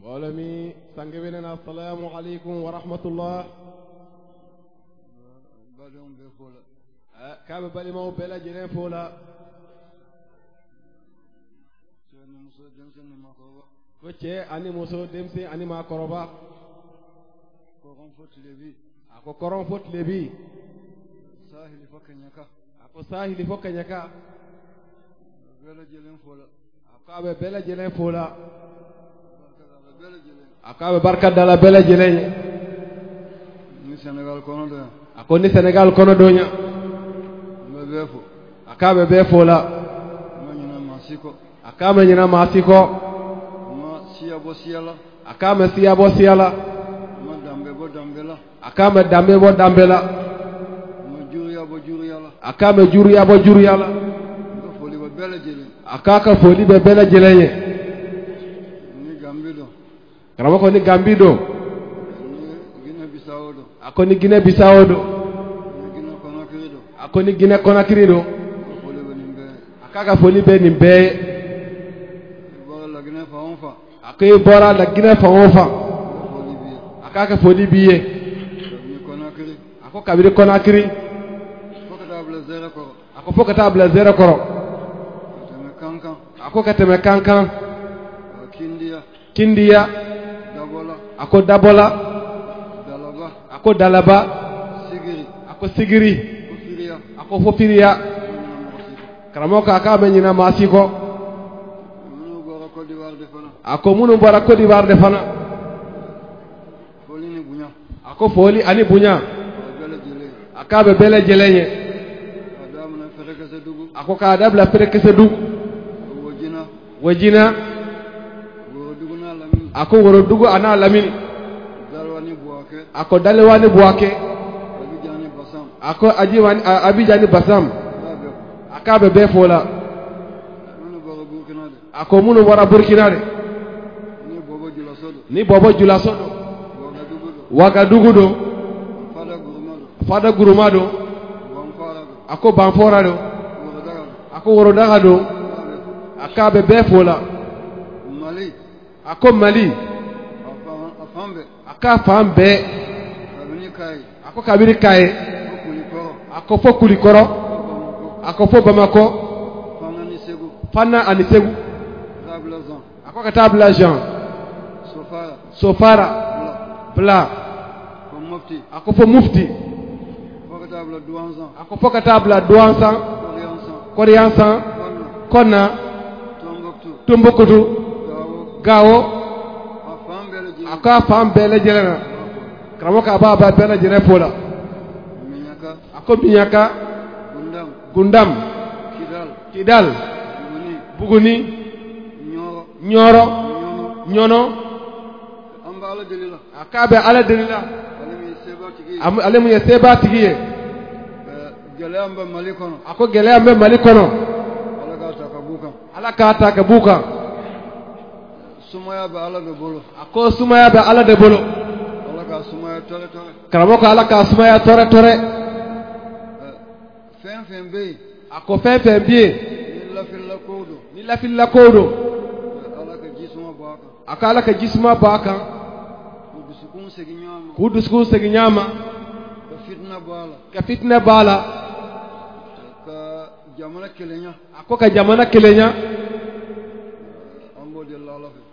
mbooloo mi sang bi nee na asalaamu aleykum wa rahmatullah ah, kaaɓe baɗi maw bela jenen foola focce ani muso demsi ani ma koroba ako koron fot lebi sahili fo keñaka ako sahili fo keñaka bela jelen foola ako aɓe bela jelen foola akaɓe barkadde ala beele jeleñe ni sénégal kono ɗoña ako ni sénégal kono ɗoña ɓe ɓe fo akaɓe ɓe fola mañinama siko akame ñinama siko ma siya bo siyala akame siya bo siyala ma dambe bo dambe la akame dambe bo dambe la ma juriya bo juriya la akame juriya ka foli ɓe beele jeleñe kara wako ni Gambie ɗo ako ni Guinée Bissau ɗo ako ni Guinée Conakry ɗo akaga foli ɓe nin bee ako i bɔra la Guinée fan o fan akaga foli b'i ye ako kabiri Conakry ako fo ka taa bila zere kɔrɔ ako ka tɛmɛ kankan kindiya ako dabola dalaba ako dalaba sigiri ako sigiri fofiriya ako fofiriya karamoko aka ɓe ñina masiko ako munu mbora Côte d'Ivoire de fana ako fooli ani buña aka ɓe bele jeleñe ako ka dabla fere kese du wajina ako Worodugu ana Lamini ako Dalewani Buwake ako Ajiwani Abijani Basam a k'a bɛ bɛɛ a ko minnu bɔra Burkina de ni Bɔbɔ Julaso don Wagadugu don Fada Guruma don a ko Banfora don a ko Worodaga don a k'a bɛ bɛɛ ako mali ako fan bɛɛ ako kabiri ka ye ako fo kulikɔrɔ ako fo bamakɔ fana ani segu ako ka taa bila jean sofara bila ako fo mufti ako fo ka taa bila duwansan kɔriyansan kɔna tombokutu gawo a ka fan bɛɛ lajɛlen na karamɔgɔ k'a b'a ba bɛɛ lajɛlen fo la a ko miɲaka gundam kidal buguni ɲɔrɔ ɲɔnɔ a k'a bɛ ala deli la ale mun ye tigi ye a ko gɛlɛya bɛ mali kɔnɔ ala k'a ta ka b'u kan. sumaya bɛ ala de bolo a ko sumaya bɛ ala de bolo ala ka sumaya tɔrɛ tɔrɛ karamɔgɔ ko ka sumaya tɔrɛ tɔrɛ fɛn fɛn a ko fɛn fɛn bɛ yen kow don ni lafilila kow don a ko ala ka jisuma bɔ a kan k'u dusukun segin ɲɔgɔn ka fitinɛ bɔ la ka fitinɛ bɔ la ka jamana kelenya a ko ka jamana kelenya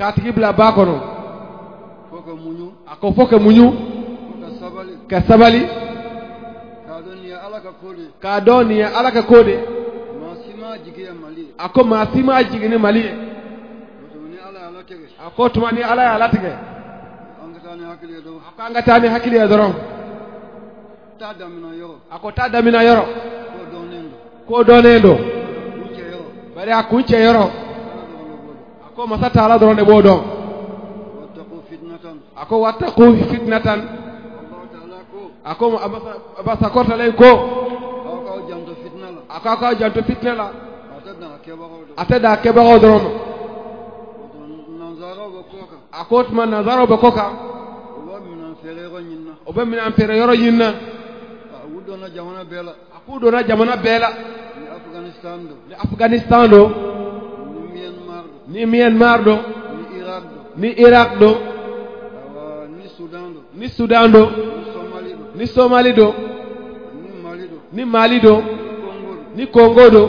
k'a bila ba kɔnɔ a ko fo ka muɲu ka sabali k'a dɔn nin ye ala ka ko de ye a ko maa si m'a jigin mali ye a ko tuma ni ala y'a latigɛ a ko an ka taa ni hakili ye dɔrɔn a ko taa damina yɔrɔ ko dɔnnen don bari a kun cɛ yɔrɔ ko masa taala doroon de boo doon a ko wattaqu fitnatan a ko aba sakortalen ko a ko a ko a janto fitna la ate da keɓaxo doron a ko tuma nazaro be ko kan o be minan fere yoro ñin na a ku dona jamana bee la ni afganistan do ni Myanmar ɗo ni Irak ɗo ni Sudan ɗo ni Somali ɗo ni Mali ɗo ni Congo ɗo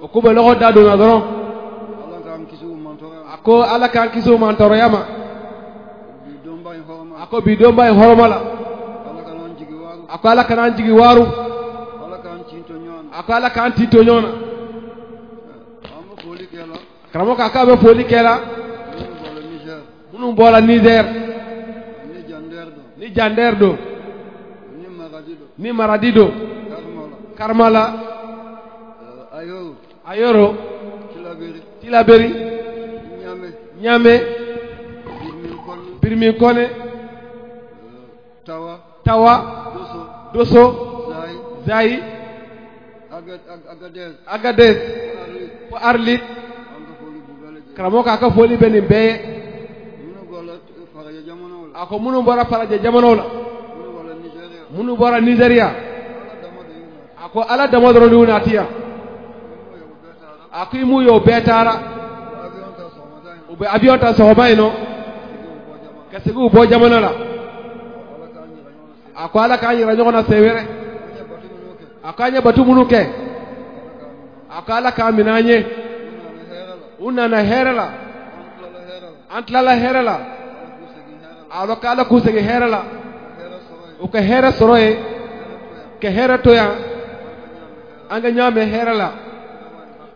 o kuɓe logoɗa ɗona doron ako ala kan kisi umantoroyama ako biɗo mba en horomala ako ala kana an jigi waru ako ala ka an tinto ñona karamɔgɔ k'a k'a bɛ foli kɛra minnu bɔra Niger ni Jander don ni Maradi don Karmala Ayoro Tilaberi Niamey Birmin Kone Tawa Dosso Zaï Agadez Arlit karamɔgɔ k'a ka foli bɛ bɛɛ ye a ko minnu bɔra farajɛ jamanaw la minnu bɔra nizeriya a ko ala dama dɔrɔn nati yan a ko i m'u bɛɛ taara u bɛ avion ta sɔgɔma nɔ ka bɔ jamana la a ko ala k'an yɛrɛ ɲɔgɔn na sen wɛrɛ a ko an ye batu kɛ a ko ala k'an minɛ an unana ಹೇರಲ ಅಂತ್ಲಲ ಹೇರಲ ಆವಕಾಲ ಕೂಸಿಗೆ ಹೇರಲ uka hera soroye ke hera toya anga ñaame herala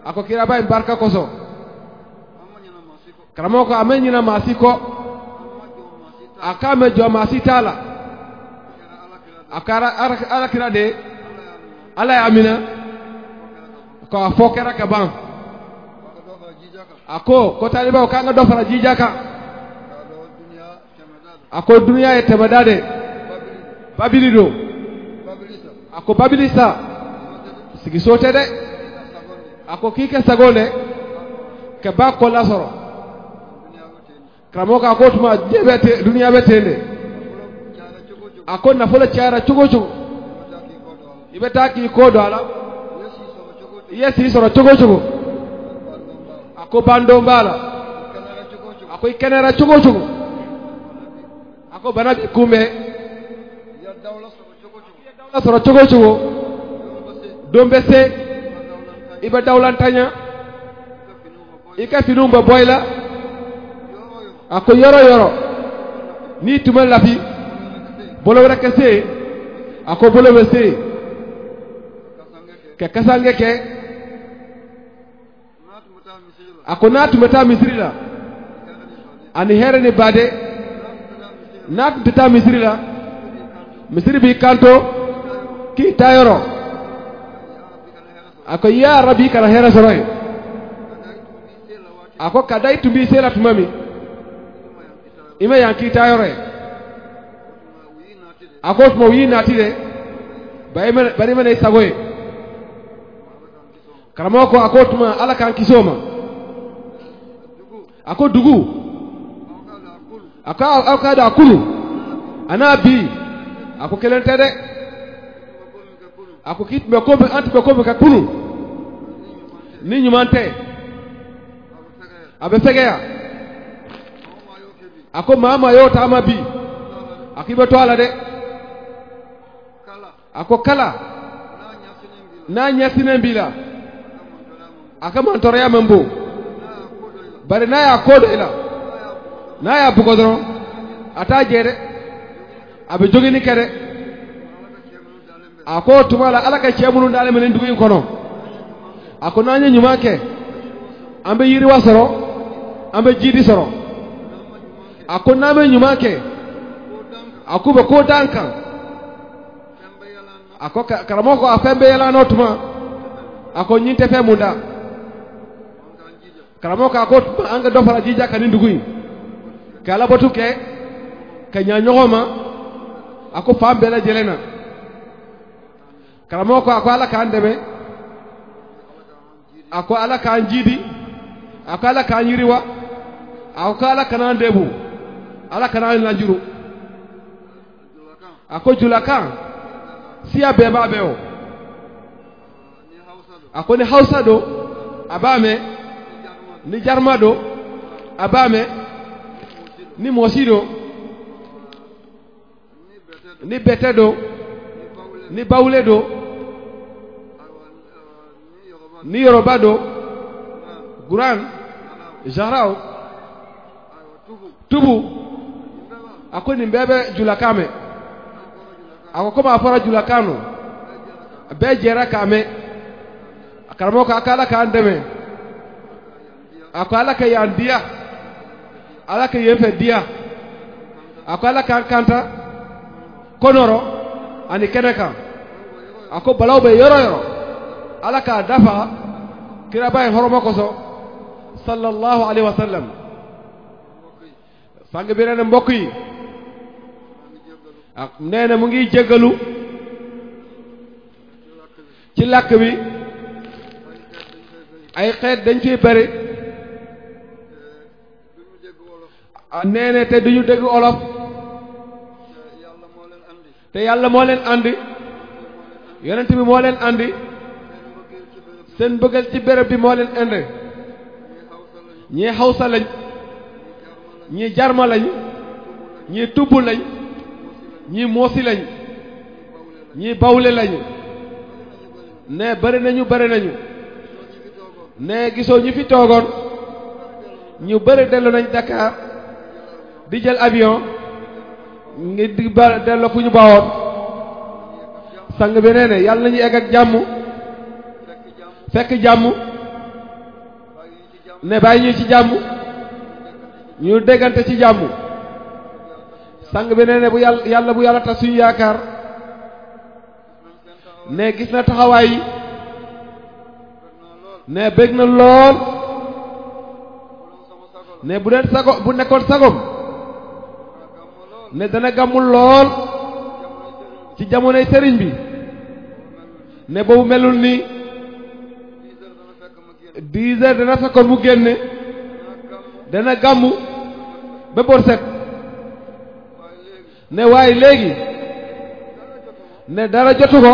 ako kiraba en barka koso karamo ko ame ñina masi ko akame jo masi tala akara ala kira de ala ya amina ko a fo kera ban ako ko talibawo kanga ɗo fara jijaka ako duniya e temeɗade babili ɗo ako babilisa sigi sotede ako kike sagonde ke ba kolla soro karamo ka ko tuma duniya ɓe tende ako nafolo cara cogo cogo iɓe ta ki ko do ala iye si soro cogo cogo ko bando mbala akoy kenera cugo cugo ako bana bi kumbe dawla soro cugo cugo dombe se iba dawlantaña ika finumba boyla ako yoro yoro ni tuma lafi bolo reke se ako bolo we ke kasange ke akona tumeta misiri la ani hereni bade na tumteta misiri la misiri bi kanto ki tayoro ako ya rabbi kana hera soroy ako kadai tumbi sela tumami ima yanki tayore ako tuma wi natide bari mene sagoye karamogo ko ako tuma ala kan kisoma a ko dugu a ko aw k'a a kulu a a ko kelen tɛ dɛ a ko k'i tun bɛ ko bɛ an ko bɛ kɛ kunu ni ɲuman a bɛ fɛgɛya a ko maa maa taama bi a k'i bɛ to a la dɛ a ko kala n'a ɲɛsinnen b'i la a ka mantɔɔrɔya man bon. bari n'a y'a ko dɔ i la n'a y'a bugɔ dɔrɔn a t'a jɛ dɛ a bɛ jogini kɛ dɛ a ko tuma la ala ka cɛ minnu dalen bɛ nin dugu kɔnɔ a ko n'an ye ɲuman kɛ an bɛ yiriwa sɔrɔ an bɛ jiidi sɔrɔ a ko n'an bɛ ɲuman kɛ a k'u bɛ ko d'an kan a ko karamɔgɔ ko a fɛn bɛ yɛlɛ tuma a ko ɲin tɛ fɛn mun karamɔgɔ k'a ko an ka dɔ fara jija ka nin dugu in ka alabato kɛ ka ɲa ma a ko fan bɛɛ lajɛlen karamɔgɔ ko a ko ala k'an dɛmɛ a ko ala k'an jidi a ko ala k'an yiriwa a ko ala kan'an debu ala kan'an lajuru a ko julakan siya bɛɛ b'a bɛɛ o a ko ni hausa don a b'a mɛn ni jarma ɗo a baame ni moosi ɗo ni bete ɗo ni bawle ɗo ni yoruba ɗo guran jaraw tubu ako nin bɛɛ bɛ julakan mɛn a ko komi a fɔra julakan no bɛɛ jɛra k'a mɛn karamɔgɔ ko a k'ala k'an dɛmɛ akɔ ala ka yan diya ala ka yen fɛ diya a ko ala k'an kanta ko nɔrɔ ani kɛnɛ kan a ko balaw bɛ yɔrɔ yɔrɔ ala k'a dafa kiraba ye hɔrɔma kosɔn sallallahu alaihi wa sallam sange bi ne mbokk yi nee na mu ngi jéggalu ci làkk bi ay xeet dañ ciy bari ah nee na te duñu dégg olof te yàlla moo leen àndi yonent bi moo leen àndi seen bëggal ci béréb bi moo leen andi ñii xawsa lañ ñii jarma lañ ñii tubb lañ ñii moosi lañ ñii bawle lañu ne bari nañu bari nañu ne gisoo ñu fi toogoon ñu bari dellu nañ Dakar di jël avion ngi di ba delloo fu ñu bawoon sang bi nee na yàlla nañu egg ak jàmm fekk jàmm ne bàyyi ñu ci jàmm ñu déggante ci jàmm sang bi nee bu yàlla bu yàlla tas suñu yaakaar ne gis na taxawaay yi ne bëgg na lool ne bu deen sago bu nekkoon sagom ne dana gàmmul lool ci jamonoy sëriñ bi ne boobu melul ni dix dana fekkoon mu génne dana gàmmu ba bor set ne waaye léegi ne dara jotu ko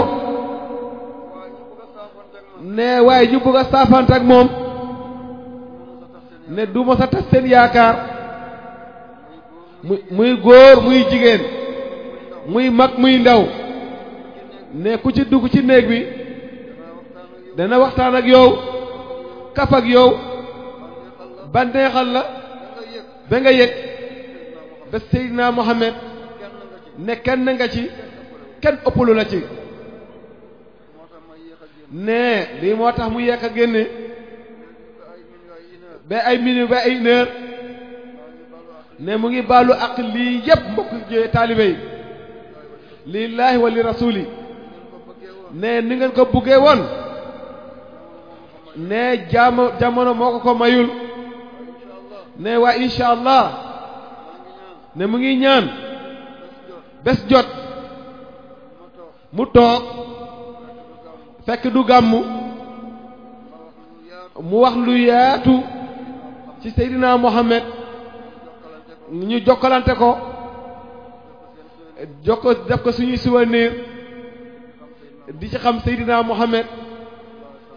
ne waaye ñu bëgg a saafante ak moom ne du ma tas seen yaakaar muy muy góor muy jigéen muy mag muy ndaw ne ku ci dugg ci néeg bi dana waxtaan ak yow kaf ak yow bandeexal la ba nga yëg ba Seydina Mohamed ne kenn nga ci kenn ëppalu la ci ne lii moo tax mu yekk a génne ba ay minutes ba ay une ne mu ngi baalu ak lii yépp mbokk jë taalibe yi lillaahi wa li rasuuli ne ni ngeen ko buggee woon ne jaamo jamono moo ko ko mayul ne waa insha allah ne mu ngi ñaan bés jot mu toog fekk du gàmmu mu wax lu yaatu ci Seydina Mohamed ñu jokkalante ko jokko def ko suñuy souvenir di ci xam Seydina Muhammad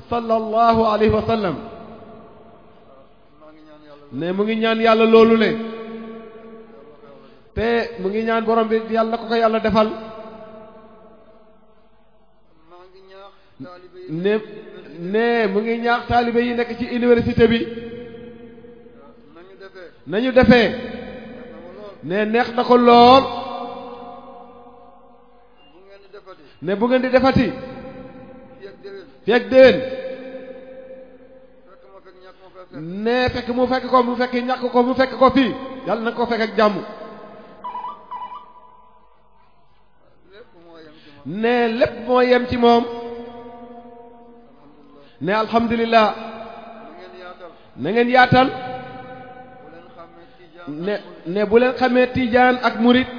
sallallahu alayhi wa sallam ne mu ngi ñaan yàlla loolu le te mu ngi ñaan borom bi yàlla ko ko yàlla defal ne ne mu ngi ñaax taalibe yi nekk ci université bi nañu defee ne neex na ko lool ne bu ngeen di defati fekk déwén ne fekk mu fekk ko mu fekk ñàkk ko mu fekk ko fii yàlla na ko fekk ak jàmm ne lépp moo yem ci moom ne alhamdulillah na ngeen yaatal ne ne bu leen xamee tiijaan ak murit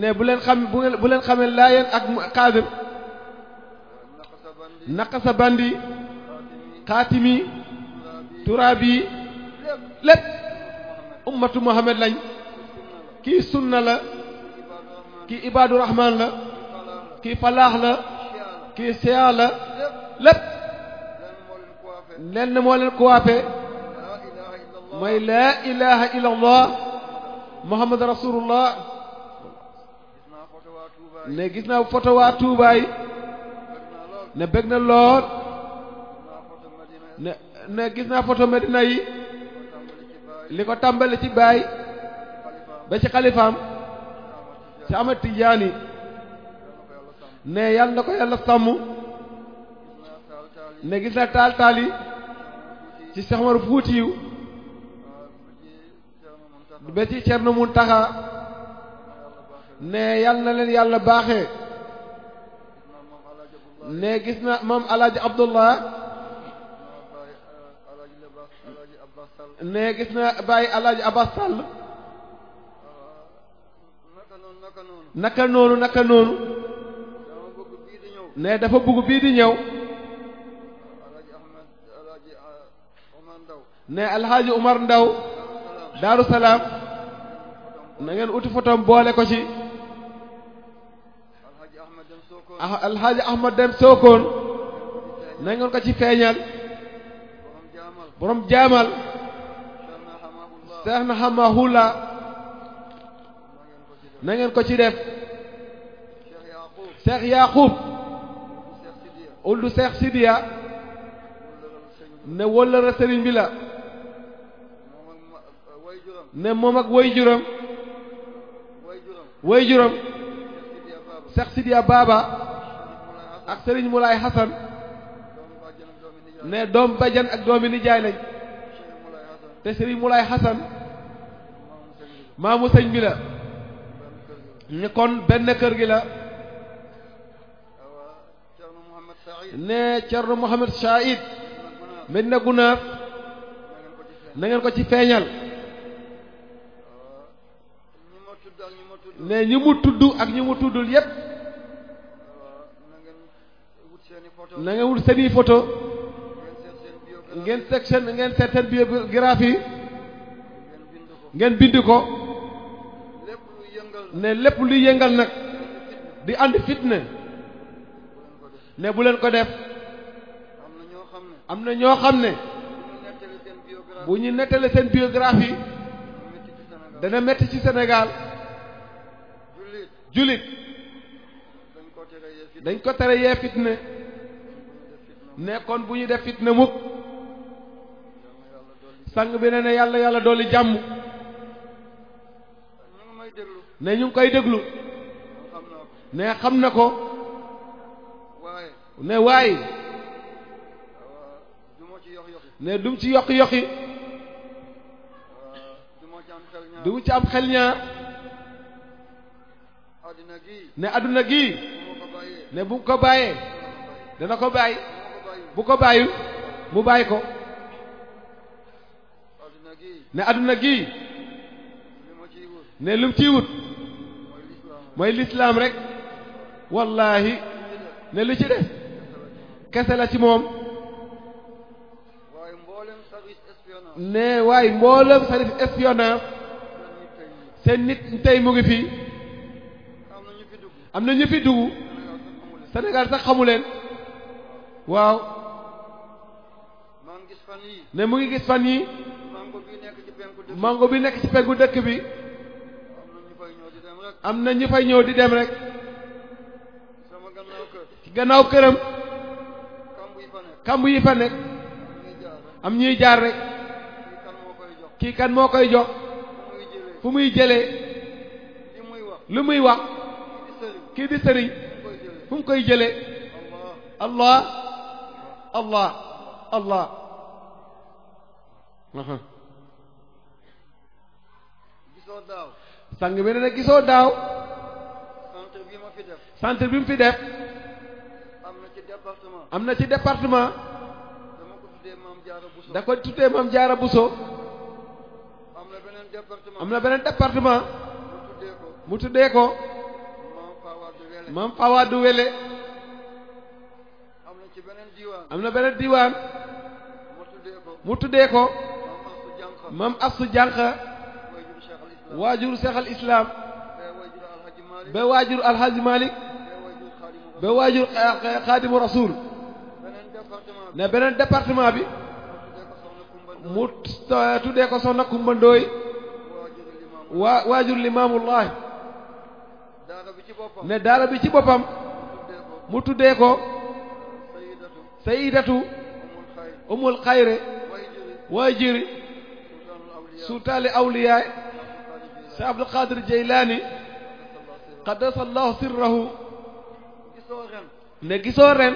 ne bu leen xam bu leen xamee laayeen ak xaadir naqasa bandi xaatimi turaabi lépp ummatu Muhammad lañ kii sunna la kii ibaadu rahmaan la kii falaax la kii siyaa la lépp lenn moo leen kuwaafe mooy laa ilaha illa allah muhammad rasulullah ne gis naa photo waa ne bëgg na lool ne ne gis naa photo Medina li ko tàmbali ci baay ba ci xalifaam ci Ahmad Tijaani ne yàlla na ko yàlla sàmm ne gis naa taal taal ci Cheikh Fuutiyu ba ci Cerno Muntaxa ne yal na leen yàlla baaxee ne gis na moom alaaji Abdullah ne gis na bàyyi alaaji Abbas Sall naka noonu naka noonu ne dafa bëgg bii di ñëw ne alaaji Umar Ndaw daaru salaam na ngeen uti fotom boole ko ci ah, alxaaji ahmad dem sookoon na ngeen ko ci feeñal borom jaamal seex na xamahula na ngeen ko ci def seex yaqub uldu seex sidiya ne wóllëra sëriñ bila ne moom ak way juróom way juróom Cheikh Sidiya Baba ak Serigne Moulay Hassan ne doom bajan ak doomi nijaay lañ te Serigne Moulay Hassan maamu sëñ bi la ñu kon benn kër gi la ne Thierno Mohamed Saïd Medina Gunaaf na ko ci feeñal ne ñi mu tudd ak ñi mu tuddul yépp na nga wut seeni photo ngeen section ngeen seet seen biographie ngeen bind ko ne lépp luy yëngal nag di ànd fitna ne bu leen ko def am na ñoo xam ne bu ñu nettali seen biographie dana metti ci senegal julit dañ ko tere yee fitna ne kon bu ñu def fitna mukk sang bi ne ne yàlla yàlla dolli jàmm ne ñu ngi koy déglu ne xam na ko ne waaye ne dum ci yokk yokki du mu ci am xel ñaar ne adduna gi ne bu ko bàyyee dana ko bàyyi bu ko bàyyul mu bàyyi ko ne adduna gii ne lum ciy wut mooy lislaam rek wallaahi ne lu ci des kese la ci moom ne waaye mboolem service espionnage seen nit tey mu ngi fii am na ñu fi dugg Sénégal sax xamu leen waaw ne mu ngi gis fan yi màngo bi nekk ci penku dëkk bi am na ñu fay ñëw di dem rek ci gannaaw këram kamb yi fa nekk am ñuy jaar rek kii kan moo koy jox fu muy jëlee lu muy wax kii di sëriñ fu mu koy jëlee allah allah allah gisoo daaw sang bi ne na gisoo daaw centre bi mu fi def centre bi mu fi def am na ci département am na ci département da ko tuddee maam jaara buso am na beneen département mu tuddee ko maam Fawadu Wele am na beneen diwaan mu tuddee ko maam Asu Jànqa waajur Seex al Islaam ba waajur Alxaaji Malik ba waajur Xaadimu Rasuul eh, eh, ne beneen département bi mu eh, tuddee ko Soxna Kumba Ndooy waa waajur Limaamullaah ne daara bi ci boppam mu tuddee ko sayidatu umul xayre waajiri sultaani awliyaay sa abdul qadir jeylaani qaddasallahu sirrahu ne gisoo ren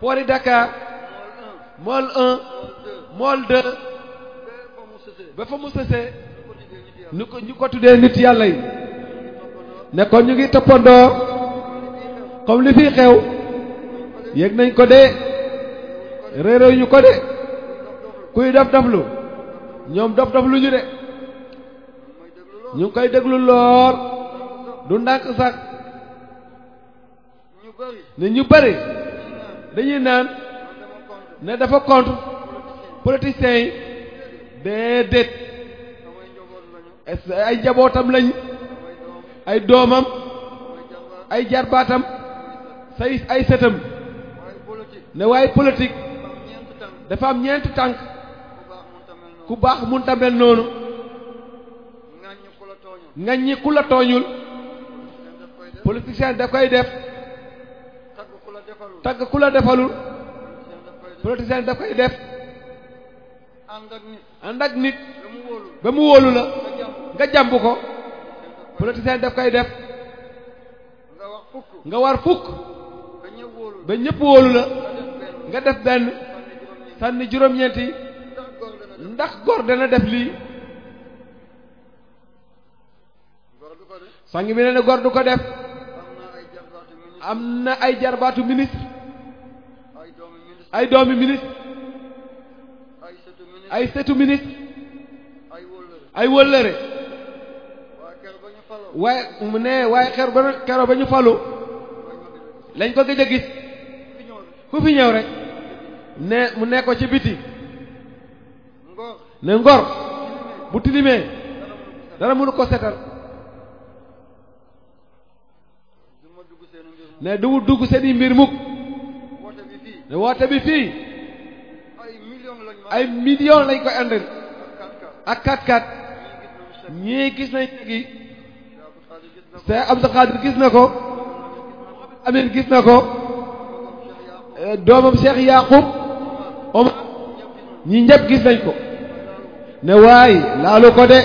poori Dakar mool un mool deux ba fa mu sësee ñu ko ñu ko tuddee nit yàlla yi ne kon ñu ngi toppandoo comme li fi xew yëg nañ ko de réeréw ñu ko de kuy daf daf ñoom daf daf lu ñu de ñu ngi koy déglu lool du ndànk sax ne ñu bari dañuy naan ne dafa contre politiciens yi déedéet ay njabootam lañ ay doomam ay jarbaatam say ay sëtam ne waaye politique dafa am ñeenti tànk ku baax mun tamel noonu ŋaññi ku la tooñul politicien da koy def tagg ku la defalul politicien da koy def ànd ak nit ba mu wóolu la nga jàmb ko politicien daf koy def nga war fukk nga war fukk ba ñëpp wóolu la nga def benn sànni juróom-ñeenti ndax góor dana def lii sangi bi ne ne góor du ko def am na ay jarbaatu ministre ay doomi ministre ay setu ministre ay wëllëre waaye mu ne waaye xer ba keroog ba ñu falu lañ ko gëj a gis ku fi ñëw rek ne mu ne ci biti ne ngor bu tilimee dara mënu ko setal ne du dugg seeni mbir mukk ne woote bi fii ay million lañ ko àndal ak kat kat ñii gis nañ gi Seex Abdou Khadre gis na ko amin gis na ko eh, doomam Seex Yaqub Omar ñi ñëpp gis nañ ko ne waay laalu ko de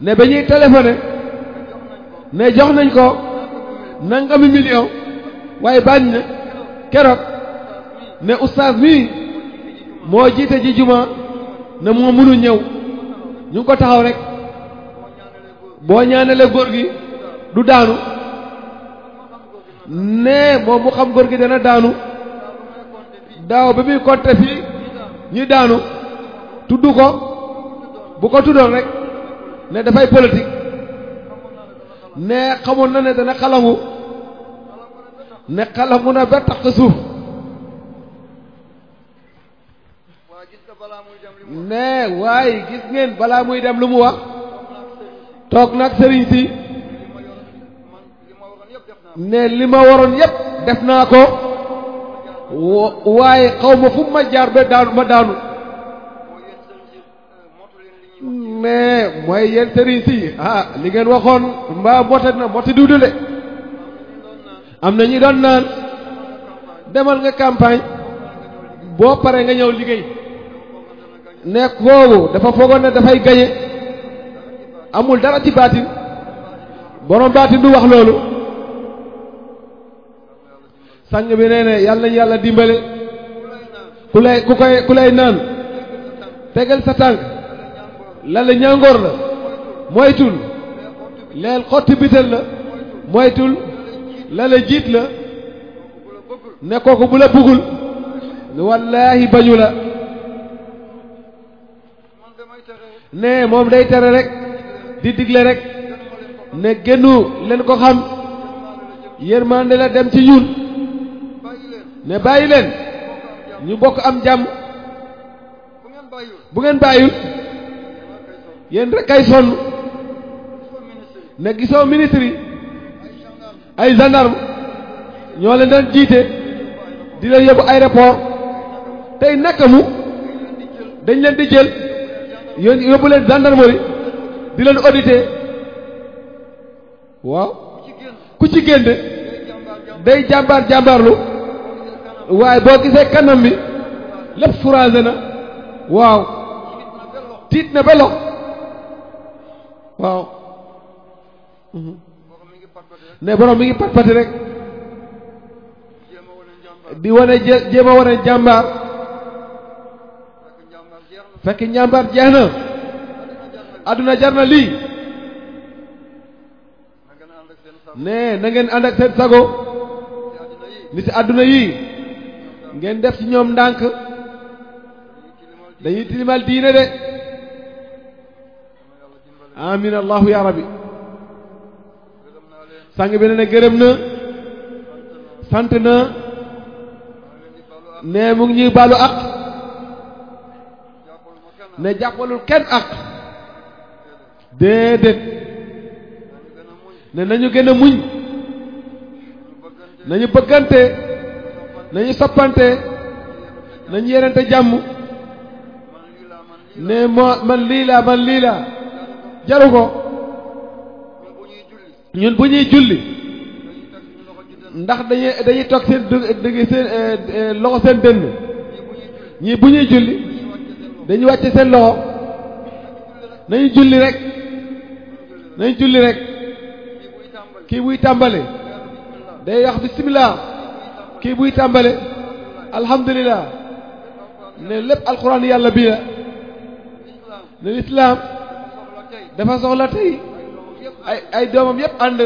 ne ba ñuy téléphoné ne jox nañ ko nangami million waaye bañ na keroog ne oustaz mii moo jiite ji juma ne moo mënu ñëw ñu ko taxaw rek boo ñaanalee góor gi du daanu nee moom mu xam góor gi dana daanu daaw bi muy compter fii ñi daanu tudd ko bu ko tuddoon rek ne dafay politique nee xamoon na ne dana xalangu ne xalangu na ba tax suuf nee waaye gis ngeen balaa muy dem lu mu wax. toog nag sëriñ si ne li ma waroon yépp def naa ko waaye xaw ma fu ma jaar ba daanu ma daanu mais mooy yéen sëriñ si ah li ngeen waxoon mbaa mbote na mbote duudu de am na ñu doon naan demal nga campagne boo paree nga ñëw liggéey nekk foofu dafa foogoon ne dafay gañe amul dara ci baatin borom baatin du wax loolu sang bi nee ne yàlla nañu yàlla dimbale ku lay ku koy ku lay naan tegal sa tànk la la ñàngoor la moytul leel xotti bital la moytul la la jiit la ne kooku bu la bëggul wallaahi bañu la ne moom day tere rek di digle rek ne génnu leen ko xam yërmande la dem ci ñun ne bàyyi leen ñu bokk am jàmm bu ngeen bàyyul yéen rek ay sonn ne gisoo ministre yi ay gendarme ñoo leen daan jiite di leen yóbbu aéroport tey naka mu leen di jël yóbbu leen gendarmerie di leen auditer waaw ku ci génn day jàmbaar jàmbaarlu waaye boo gisee kanam bi lépp fouragé na waaw tiit na ba lox waaw mhm. ne borom bi ngi patpati rek di wane jéem a wane jàmbaar fekk njàmbaar jeex na àdduna jar na lii ne na ngeen ànd sago ni ci àdduna yii ngeen def ci ñoom ndànk dañuy tilimal diine de amin allahu rabbi sang bi ne ne gërëm na sant na ne mu ngi ñuy baalu ak ne jàppalul kenn ak déedéet ne nañu gën a muñ nañu bëggante nañu soppante nañu yerante jàmm ne moo man lii laa man lii jaru ko ñun bu ñuy julli ndax dañuy dañuy toog seen dëgg seen eh, eh, loxo seen dënn ñii bu ñuy julli dañu wàcce seen loxo nañu julli rek nañ julli rek kii buy tàmbale day wax bismillah kii buy tàmbale alhamdulillah ne lépp alxuraan yàlla bi la ne lislaam dafa soxla tey ay doomam yépp ànd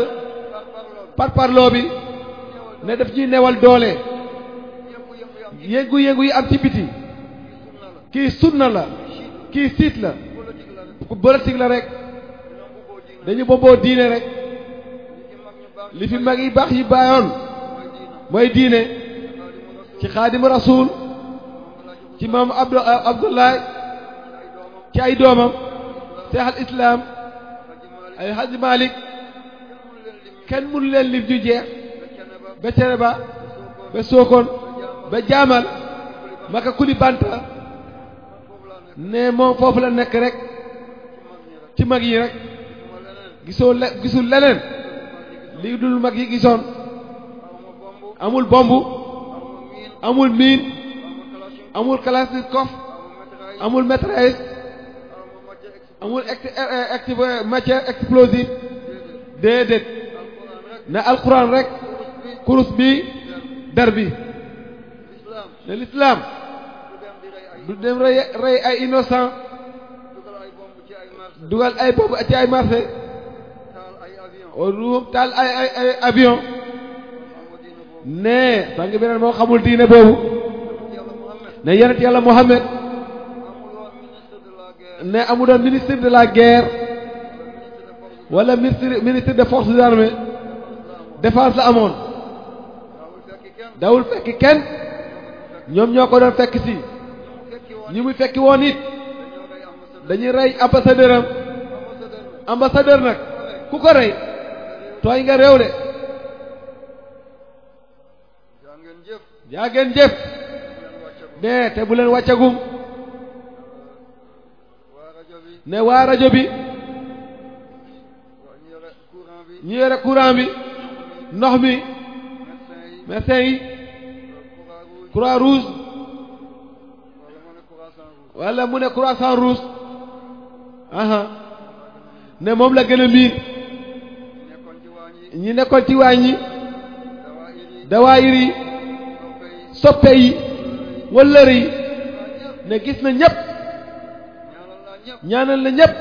par parloo bi ne daf ñuy newal doole yëngu-yëngu yi am ci biti kii sunna la kii siit la politique la rek dañu booboo diine rek li fi mag yi baax yi bàyyoon mooy diine ci xaadimu rasuul ci maam abdu ci ay doomam seex al islaam ay haj malik kenn mënu leen lim ñu jeex ba cere ba ba sookoon ba jaamal maka kuli banta ne moom foofu la nekk rek ci mag yi rek gisoo le gisul leneen li dul mag yi gisoon amul bomb amul mine amul kalachnikov amul matraïs amul explosive déedéet na alquran rek kurus bi dar bi ne l'islam du dem rey rey ay innocent dugal ay bomb ci ay marché ruum taal ay ay ay avion nee sang bi neen moo xamul diine boobu ne yonent yàlla Muhammad ne amu doon ministre de la guerre wala ministre ministre des forces armées défense la amoon dawul fekki kenn ñoom ñoo ko doon fekk si ñi muy fekki woon it dañuy rey ambassadeur am ambassadeur nag ku ko rey tooy nga réew de jaa ngeen jëf ne te bu leen wàccagum ne waa rajo bi ñu yore courant bi ndox mi médecin yi croix rouge wala mu ne croissant rouge ne moom la gën a ñi nekkoon ci waañ yi dawaayir yi soppe yi wëllër yi ne gis na ñépp ñaanal na ñépp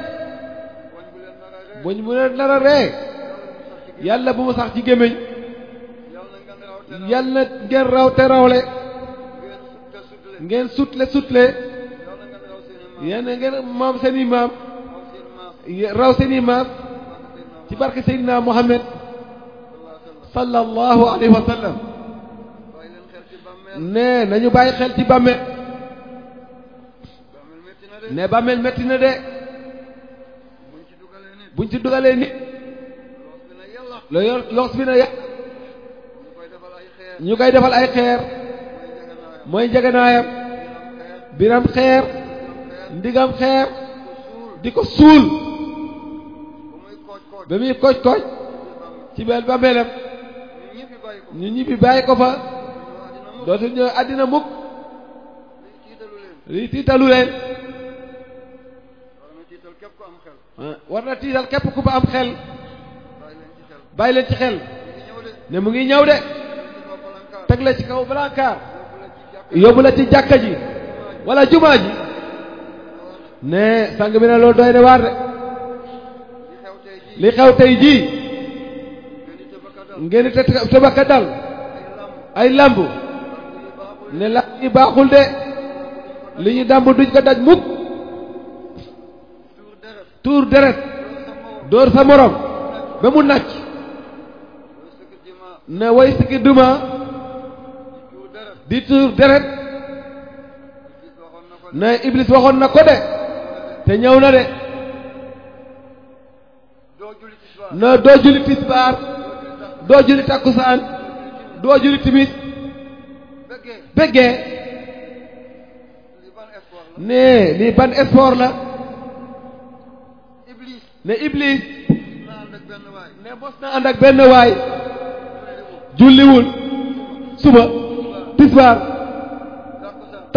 buñ mu leen nar ree yàlla bu mu sax ci gémmiñ yàlla ngeen raw te rawle ngeen sutle sutle yéen ngeen maam seen i maam raw seen i ci barke Seydina Mohamed sallallahu alayhi wa sallam ne nañu bàyyi xel ci bàmmeel ne bàmmeel métti na de buñ ci dugalee nit la loos bi na yàq ñu koy defal ay xeer mooy njeganaayam biram xeer ndigam xeer di ko suul ba muy kooj kooj ci benn bàmmeelam ñu ñibbi bàyyi ko fa dootu ñëw àddina mukk li tiitalu leen war na tiital képp ku ba am xel bàyyi leen ci xel ne mu ngi ñëw de teg la ci kaw blancar yóbbu la ci jàkka ji wala jumaa ji ne sang bi ne loolu doy de waar de li xew tey jii ngeen te tëbaka dal ay lamb ne la baaxul de li ñu dàmb duñ ko daj mukk tuur deret dóor sa morom ba mu nàcc ne way duma di tuur deret ne iblis waxoon na ko de te ñëw na de na doo julli tisbaar doo julli takkusaan doo julli timis bëggee nee lii ban sport la ne Iblis ne mos na ànd ak benn waay julliwul suba tisbaar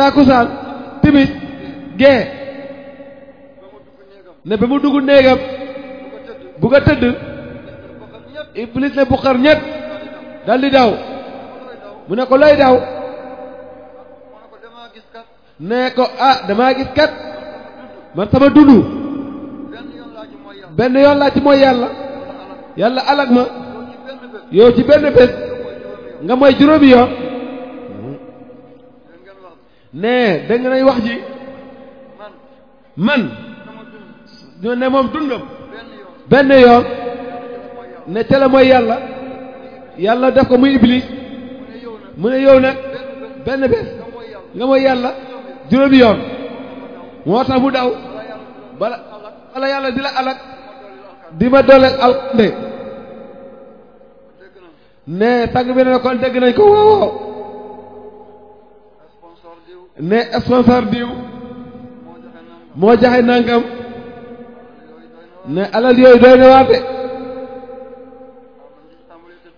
takkusaan timis gee ne ba mu dugg néegam bu ko tëdd iblis ne bu xar ñett dal di daw mu ne ko lay daw ne ko ah dama gis kat man sama dundu benn yoon laa ci mooy yàlla yàlla alag ma yow ci benn bés nga mooy juróomi yoon ne dégg nañ wax ji man ne moom dundam benn yoon ne tele mooy yàlla yàlla def ko muy iblis mu ne yow nag benn bés nga mooy yàlla juróomi yoon moo tax mu daw bala yàlla di la alak di ma doole alkande ne tàng bi ne kon dégg nañ ko woowoo ne sponsor diw moo joxe nangam ne alal yooyu doy na waate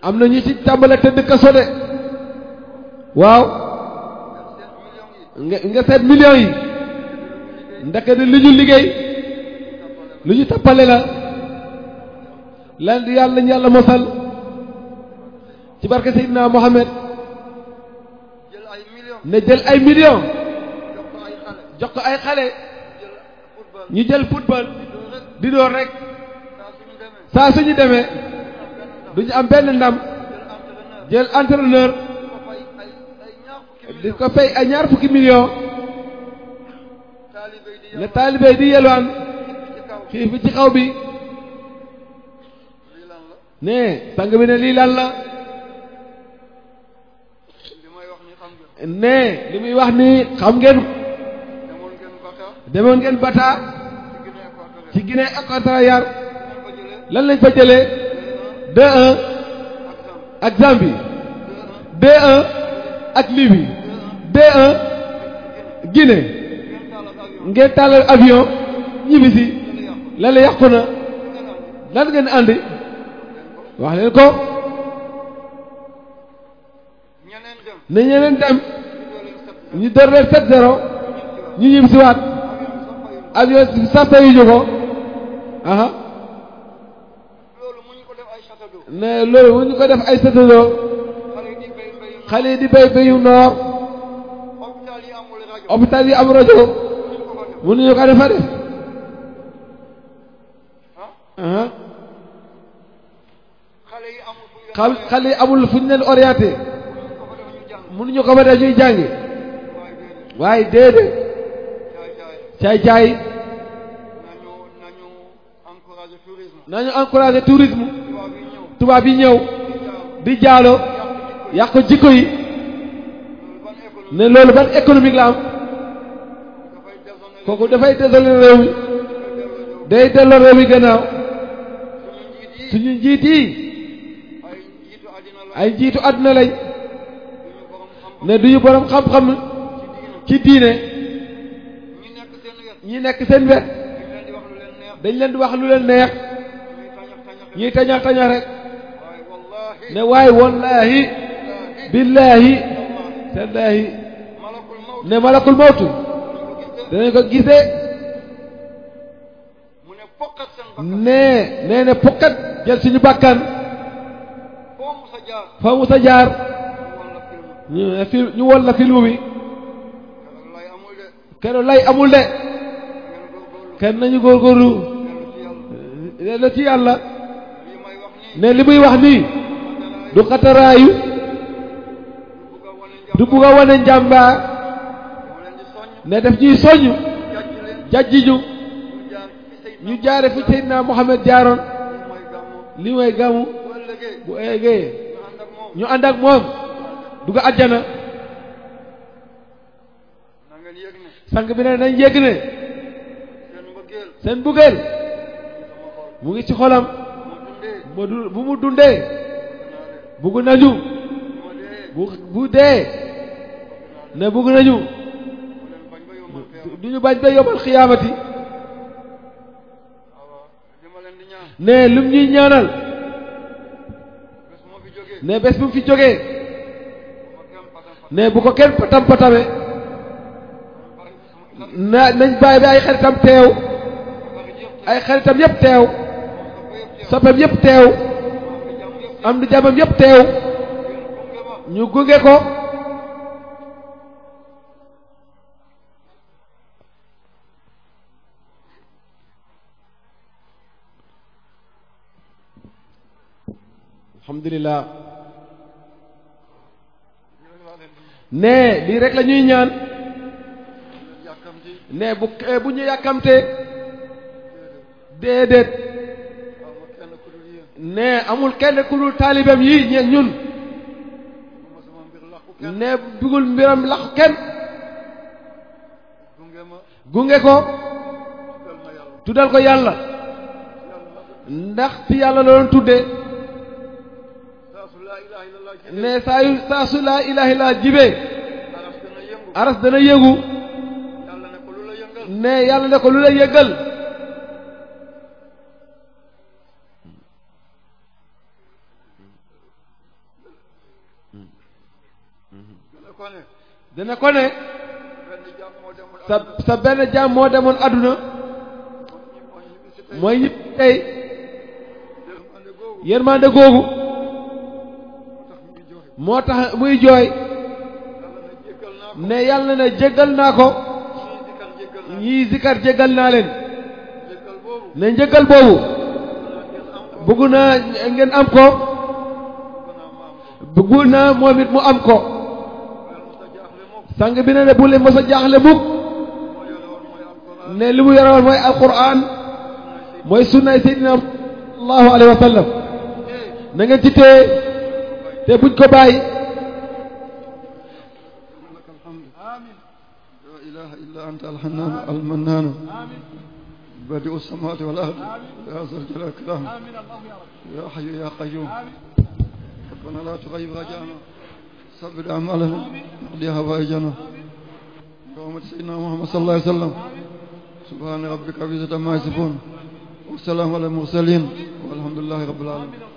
am na ñu ci tàmbale tëdd kaso de waaw nga nga seet millions yi ndekete li ñu liggéey lu ñu tappale la lan yàlla ñu yàlla mosal ci barke Seydina Mohamed ne jël ay millions jox ko ay xale ñu jël football di door rek saa suñu demee du ñu am benn ndam jël entraîneur di ko fay ay ñaar fukki million la taalibe di yelwaan xiif ci xaw bi ne sang bi ne lii lan la ne li muy wax ni xam ngeen demoon ngeen Bata ci Guinée Équatoriale lan lañ fa jëlee 2-1 ak Zambie 2-1 ak Libye 2-1 Guinée ngeen taalal avion ñibbisi la la yàqu na lan ngeen andi ko ne ñeneen dem ñu door leen 7-0 ñu ñibbisiwaat avion sax ko ne loolu mu ñu ko def ay sëtaloo xale yi di béy béyu noor hôpital yi am rajo mënuñu ko defa def ah xale yi amul fu ñu leen orienté mënuñu ko fa def ñuy jàngi waaye déedéet caay caay nañu encouragé tourisme tubaab yi ñëw di jaalo yàq ko jikko yi ne loolu ban économique la am kooku dafay désole réew mi day delloo réew mi gannaaw suñu njiit yi ay njiitu àdduna lañ ne duñu boroom xam-xam ci diine ñi nekk seen wet dañ leen di wax lu leen neex ñuy tañax tañax rek ne waaye wallaahi billaahi tallaahi ne malakul mawtu danañ ko gisee ne nee ne pokkat jël suñu bàkkan fa musa jaar ñu fil ñu wol la film bi keroog lay amul de kenn nañu góorgóorlu ne la ci yàlla ne li muy wax nii du xataraayu du bugg a wane njàmbaar ne def ñuy soññ jajjiju ñu jaare fi Seydina Muhammad jaaroon li mooy gamu bu eegee ñu ànd ak moom dugg àjjana sang bi ne nañ yëg ne seen buggeel mu ngi ci xolam bu mu dundee bugg nañu bu bu dee ne bugg nañu du ñu bañ ba yomal xiyaamati ne lum ñuy ñaanal ne bés bu mu fi jógee ne bu ko kenn patam patame na nañ bàyyi ba ay xaritam teew ay xaritam yépp teew soppem yépp teew am di jàmmam yépp teew ñu gunge ko alhamdulilah nee lii rek la ñaan nee bu eh, bu ñu yàkkamte déedéet ne amul kenn ku taalibeem yi ñeen ñun ne dugul mbiram lax kenn gunge ko tuddal ko yàlla ndax fi yàlla la doon tuddee ne saa yu saa su laa ilaha illa jibee aras dana yëngu ne yàlla ne ko lu la yëngal dana ko ne sa sa benn jaam moo demoon adduna mooy yëpp tey yërmande googu moo tax muy jooy ne yàlla na jéggal naa ko ñii zikar jéggal naa leen ne njéggal boobu bëgg naa ngeen am ko bëgg naa moom mu am ko sang bi ne ne bu leen mos a jaaxle mukk ne li mu yore woon mooy alquran mooy sunnaay seydina allahu alayhi wa sallam na ngeen ci téye te buñ ko bàyyi la ilaha illa anta alhanan almanan badiu alsamawati wal ard ya zal jalal wal ikram ya hayyu ya qayyum rabbana la tughayir raja'ana صبر أعمالهم واقضيها هوائجنا برحمة سيدنا محمد صلى الله عليه وسلم سبحان ربك رب العزة عما يصفون وسلام على المرسلين والحمد لله رب العالمين